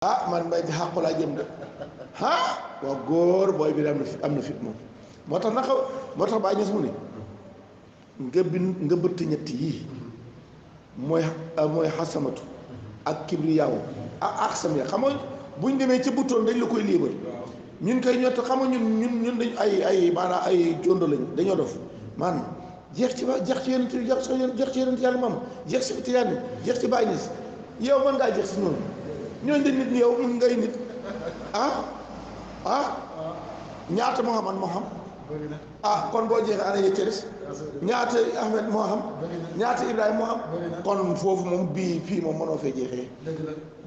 ah man mbay bi jëm de ah booy bi am na am na fit moom moo tax naka moo tax bàyyi ñes mu ne nga bin nga bëtt ñett yii mooy mooy xasamatu ak kibriyaaw ah, ak ak samia xam nga buñ demee ci buttoon dañ la koy liibar ñun koy ñett xam nga ñun ñun ñun dañ ay ay maanaam ay jondo lañ dañoo dof man jeex ci ba jeex ci yeneen jeex ci yeneen ti ci yeneen yàlla moom jeex ci tiyaan jeex ci bàyyi ñes yow man ngaa jeex si noonu ñooñu dañ nit yow mun ngay nit ah ah ñaata Mouhamad moo xam ah kon boo jeexee ana yëccëris ñaata Ahmed moo xam ñaata Ibrahima moo xam kon foofu moom bii fii moom mënoo fee jeexee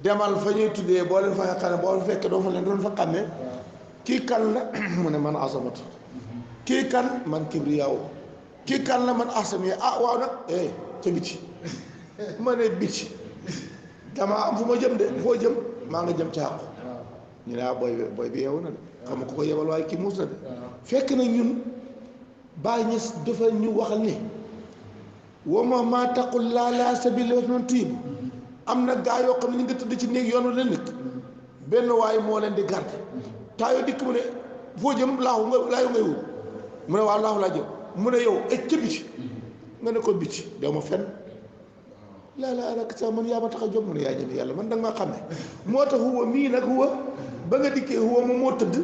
demal fa ñuy tuddee boo leen fa xamee boo fekkee doo fa leen doon fa xamee kii kan la mu ne man asamatu mhm. kii kan man kibriyaaw kii kan la man asam ah waaw nag eh ca bitti ma ne bitti damaa am fu ma jëm de foo jëm maa nga jëm ci àqu ñu ne ah, booy booy bi yeewu na xam nga ku ko yebal kii muus na fekk na ñun bàyyi ñu dafa ñu ni wama maa taqul laa laa am na gaa yoo xam ne ñu nga ci néeg yoonu leen benn waay moo leen di garde taayoo dikk mu jëm laaxu nga laayu ngay wut mu ne waaw laaxu laa jëm mu ne yow ëcc ca bitti nga ne ko bitti dew ma fenn laa la alak sa man yaa ma tax a jóg man yaa yàlla man da nga xam xame moo tax huwa mii nag huwa ba nga dikkee huwa moom moo tëdd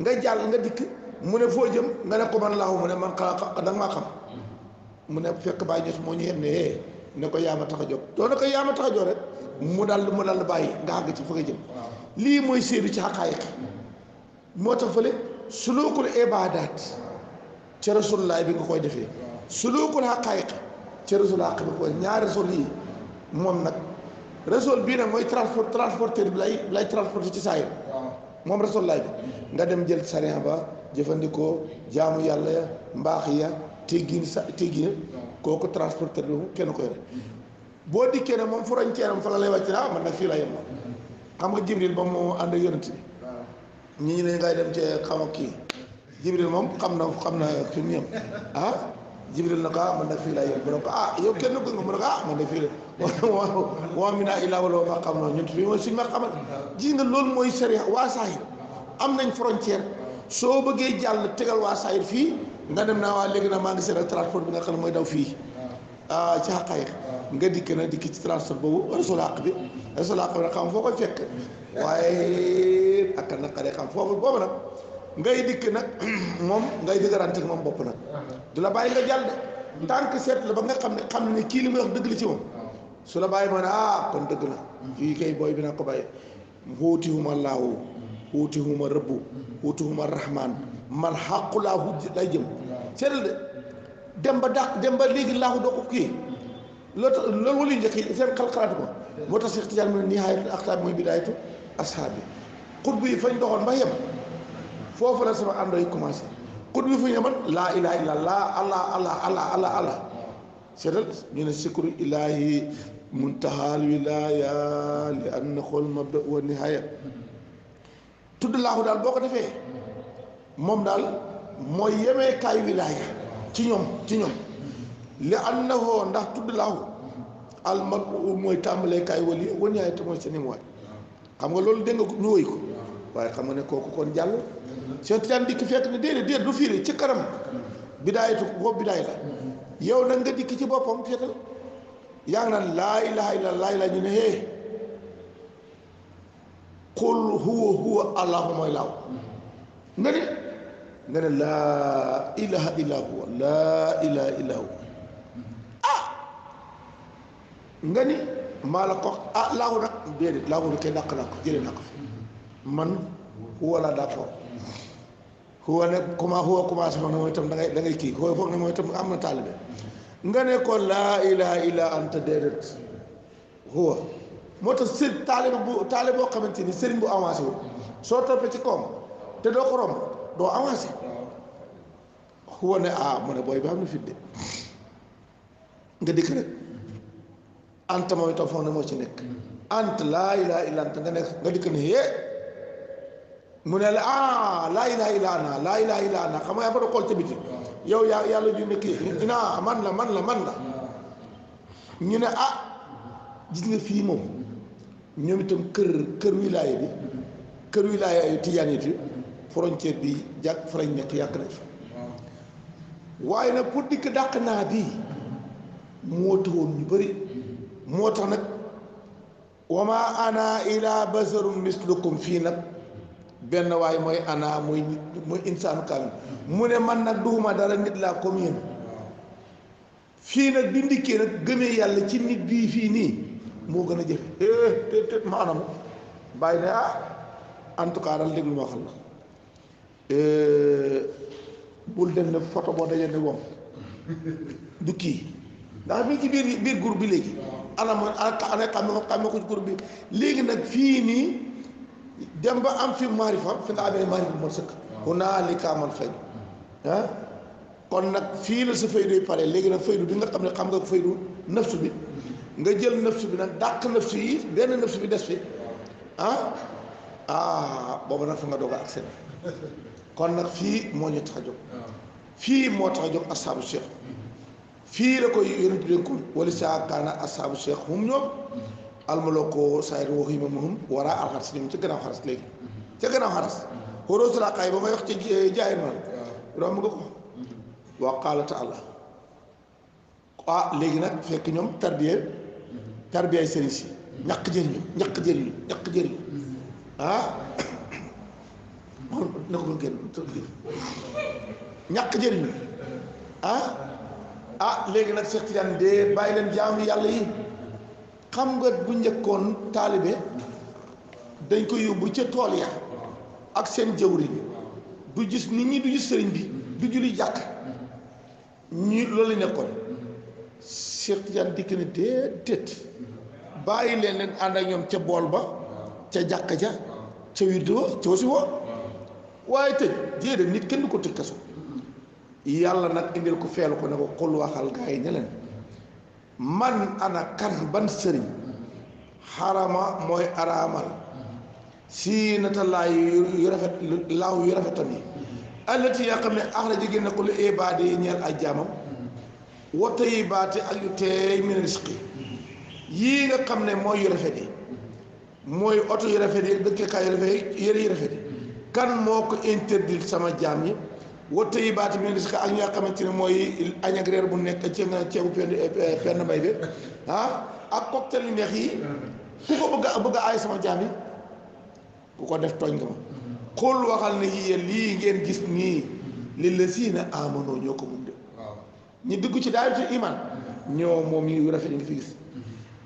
nga jàll nga dikk mu ne foo jëm nga ne ko man laahu mu ne man xalaqa da xam mu ne fekk bàyyi moo ñu yem ne eh, ne ko yaa ma tax a jóg doo ne ko yaa ma tax a jóg rek mu dal mu dal bàyyi nga àgg ci fa nga jëm lii mooy séedu ci xaqaayiq moo tax fële sulukul ibaadaat ci rasulullaay bi nga koy defee sulukul xaqaayiq ci rasul xaq bi ko ñaari rasul yi moom nag Rassoul bii nag mooy transport transporteur bi lay lay transporté ci saa yi moom Rassoul laay bi nga dem jël sariya ba jëfandikoo jaamu yàlla ya mbaax ya teggin sa teggin kooku transporteur bi kenn ko yore boo dikkee ne moom frontière am fa la lay wàcc ah man nag fii la yem xam nga Jibril ba mu ànd ak yonent bi ñi ñu ne ngay dem xam kii Jibril moom xam na xam na fi mu yem ah Jibril na ko ah fii la mu ne ko ah yow kenn ko mu ne ko ah fii la. وامنا الى ولو ما قمنا نتبع وسيما قمنا جينا لول موي سريع واسعير امنا فرونتير سو بغي جال تغل واسعير في ندم نوا لغنا ما نسير الترافور بنا قلم ويدو في آه جها قير نغا دي كنا دي كي ترافور بو رسول عقبي رسول عقبي رقم فوق الفك وايه اكنا قري قم فوق بو نا ngay dik nak mom ngay digarante mom bop nak dula baye nga jall tank set la ba nga xamne xamne ki limay wax deug li ci mom su la bàyyi ma ne ah kon dëgg la fii kay booy bi naa ko bàyyi xuutihuma laahu xuutihuma rëbbu xuutihuma rahman man xàqu laahu lay jëm seetal de dem ba dàq dem ba léegi laahu doo ko kii loo tax loolu wali njëkk yi seen xalxalaatu ko moo tax Seex Tijaan mu ne nihaayatul axtaab mooy bidaayatu ashaabi xutb yi fañ doxoon ba yem foofu la sama àndoo yi commencé xutb yi fu ñu yeman laa ilaha illa allah allah allah allah allah allah seetal ñu ne ilaahi muntahaal wilaaya li an na xool mabda wa nihaaya tudd laahu daal boo ko defee moom daal mooy yemee kaay wilaaya ci ñoom ci ñoom li an na xoo ndax tudd laahu al mabda mooy tàmbalee kaay wali wa nihaaya te mooy seen waay xam nga loolu dégg nga ko ñu wëy ko waaye xam nga ne kooku kon jàll soo tiitaan dikk fekk ne déedéet déedéet du fiire ci kanam bidaayatu boobu bidaay la yow nag nga dikk ci boppam feetal yaa ngi naan laa ilaha illa laa ilaha ñu ne hee qul huwa huwa allahu mooy laaw nga ne nga ne laa ilaha illa huwa laa ilaha illa huwa ah nga ni maa la ko ah laaw nag déedéet laaw laa d'accord huwa nag comment huwa commencé foog ne da ngay da ngay kii huwa foog ne mooy itam am na taalibe nga ne ko laa ilaha illa anta déedéet huwa moo tax boo xamante ni sëriñ bu avancé wu soo toppee ci koom te doo ko romb doo avancé huwa ah, booy bi nga dikk rek anta mooy moo ci nekk anta laa ilaha illa anta nga nekk nga dikk ne yee ne la ah laa laa ilaha illa ana xam nga yaa ba doon xool ca biti yow yaa yàlla junne kii dinaa man la man la man la ñu ne ah gis nga fii moom ñoom itam kër kër wilaaya bi kër wilaaya yu tijaan yi frontière bi jàkk fa lañ nekk yàq nañ fa waaye nag pour dikk dàq naa bii moo taxoon ñu bëri moo tax nag wa ma ana ila basarun mislukum fii nag benn waay mooy ana muy muy insaanu kaamil mu ne man nag duuma dara nit laa comme yéen fii nag bi ndikkee nag gëmee yàlla ci nit bii fii nii moo gën a jëf eh, te te ma anam bàyyi ne ah en tout cas daal déglu ma xal la eh, bul dem ne ci biir biir léegi nag fii nii dem ba am fi maarifa fi nga amee maarifa bu mat sëkk hunaalika man faydu ah kon nag fii la sa faydu pare léegi nag faydu bi nga xam ne xam nga ko faydu nafsu bi nga jël nafsu bi nag dàq nafsu yi benn nafsu bi des fi ah, ah fii moo ñu tax ah. moo tax a jóg asaabu cheikh fii la koy yonent ñoom almaloko sayr wax yi ma mahum war aa alxaras ñoom ca gannaaw xaras léegi ca gannaaw xaras xóoroo may wax ci jaay noonu romb nga ko wa qaala taala ah, léegi nag fekk ñoom tarbiye tarbiyaay sëriñ si ñàkk jëriñu ñàkk jëriñu ñàkk jëriñu ah na ko gën ñàkk jëriñu ah ah léegi nag Seex Tijaan dee bàyyi leen jaamu yàlla yi xam nga bu njëkkoon taalibe dañ ko yóbbu ca tool ya ak seen jëwriñ du gis nit ñi du gis sëriñ bi du julli jàkk ñi loolu nekkoon Cheikh Tidiane dikk na déedéet bàyyi leen leen ànd ak ñoom ca bool ba ca jàkk ja ca wirdo ca wasi wa waaye tëj jéedé nit kenn du ko tëj yàlla nag indil ko feelu ko ne ko xul waxal gaa yi ne man ana kan ban sëriñ xarama mooy araamal siinata laaw yu rafet laaw yu rafetam yi allati yaa xam ne axra ji génne ko lu ibaade yi ñeel ay jaamam wa tayyibaati ak yu teey min risqi yii nga xam ne mooy yu rafet yi mooy oto yu rafet yi dëkkekaay yi yëre yu rafet yi kan moo ko interdit sama jaam yi wottu yi baati bi risque ak ñi nga xamante ne mooy añ ak reer bu nekk ceeb na ceebu penn eh, penn mbay bi ah, ak cocktail neex yi ku ko bëgg a aay sama jaam yi bu ko def tooñ nga ma xul waxal ne yéen lii ngeen gis nii li la sii na amanoo ñoo ko mun de ñu dugg ci daal ci iman ñoo moom yi rafet yi ngi fi gis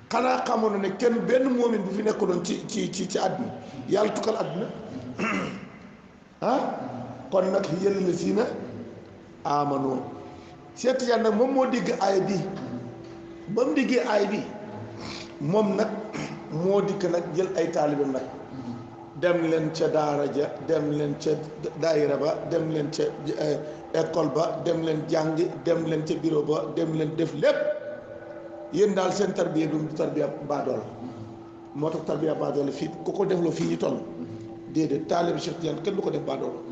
xanaa xamoon ne kenn benn moomin bi fi nekk doon ci ci ci ci àdduna yàlla tukkal addina ah? kon nag yéen la siina amano Seex Tijaan nag moom moo digg aay bi ba mu diggee aay bi moom nag moo dikk nag jël ay taalibam nag dem leen ca daara ja dem leen ca daayira ba dem leen ca eh, école ba dem leen jàngi dem leen ca biro ba dem leen def lépp yéen daal seen tarbiya du tarbiya baadool moo tax tarbiya baadool fii ku ko defloo fii ñu toll déedéet taalib Seex Tijaan kenn du ko def baadool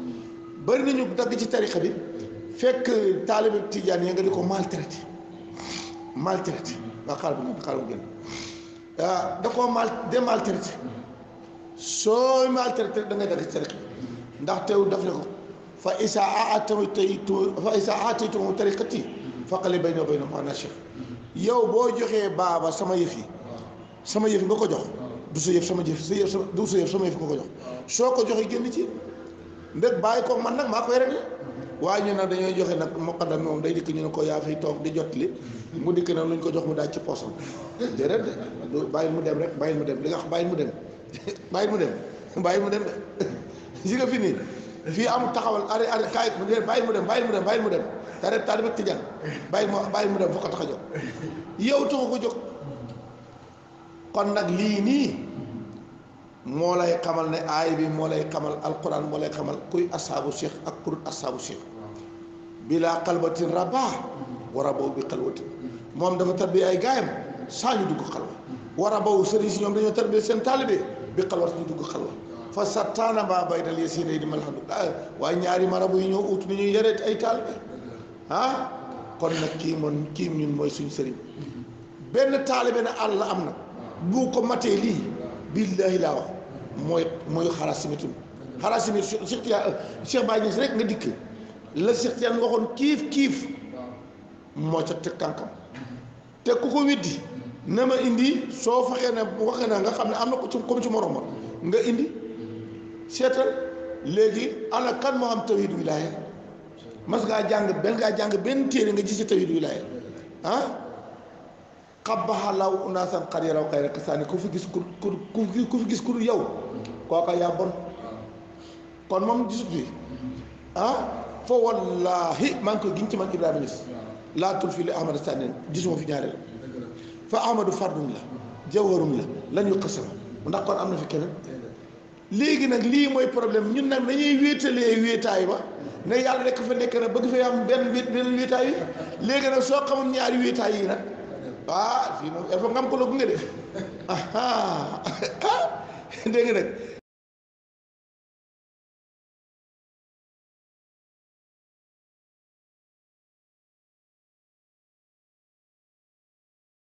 bari nañu dagg ci tarixa bi fekk talib tidiane ya nga di ko maltraité maltraité ba xal bu ngeen xal bu ngeen da ko mal de maltraité sooy maltraité da nga dagg ci tarixa ndax tew daf la ko fa isa taytu fa isa aataytu tariqati faqali bayna bayna ma nashif yow bo joxe baba sama yëf yi sama yëf nga ko jox du sa yëf sama jëf sa yëf du sa yëf sama yëf ko ko jox soko joxe génn ci ndeg bàyyi ko man nag maa koy rek waaye ñu nag dañooy joxe nag muqaddam moom day dikk ñu ne ko yaa fi toog di jot li mu dikk nag luñ ko jox mu daaj ci poosam déedéet du bàyyi mu dem rek bàyyil mu dem li nga wax mu dem bàyyil mu dem bàyyil mu dem de si fii am taxawal ari ari kaay bàyyil mu dem bàyyil mu dem bàyyil mu dem tare taalibe tijaan bàyyi mu bàyyi mu dem foo ko tax a jóg yow taxu ko jóg kon nag lii nii moo lay xamal ne aay bi moo lay xamal al alquran moo lay xamal kuy asaabu cheikh ak kurut asaabu cheikh bilaa xalwatin rabaa war a baw bi xalwatin moom dafa tarbi ay gaayam saa ñu dugg xalwa war a baw sëriñ si ñoom dañoo tarbi seen taalibe bi xalwat ñu dugg xalwa fa sattaana maa bay dal yee seen di malxandu ah, waaye ñaari marabu yi ñoo ut ni ñuy yareet ay taalibe ah kon nag kii moom ñun mooy suñu sëriñ benn taalibe na àll am na bu ko matee lii billaahi laa mooy mooy xaraasimitum xaraasimit Cheikh Cheikh Baye Niass rek nga dikk la Cheikh Tijaan waxoon kiif kiif moo ca teg tànkam te ku ko weddi na ma indi soo faxee ne waxee na nga xam ne am na ko ci comme ci moromam nga indi seetal léegi ana kan moo am tawhid wilaaya mas ngaa jàng benn ngaa jàng benn téere nga gis ci tawhid wilaaya ah xabaxa law unaasan xar yaraw kay rek saani ku fi gis ku ku ku fi gis ku yow kooka yaa bon kon moom gisut bi ah fa wallahi maa ngi koy giñ ci man ibrahima nis laa tul fii li ahmad sanin gisuma fi ñaareel fa ahmadu fardun la jawharun la lan yu qasama ndax kon am na fi keneen léegi nag lii mooy problème ñun nag dañuy wéetalee wéetaay ba ne yàlla rek fa nekk na bëgg fee am benn wéet benn wéetaay yi léegi nag soo xamul ñaari wéetaay yi nag ah fii moom il faut nga am ko la gunge de ah ah dégg nga nag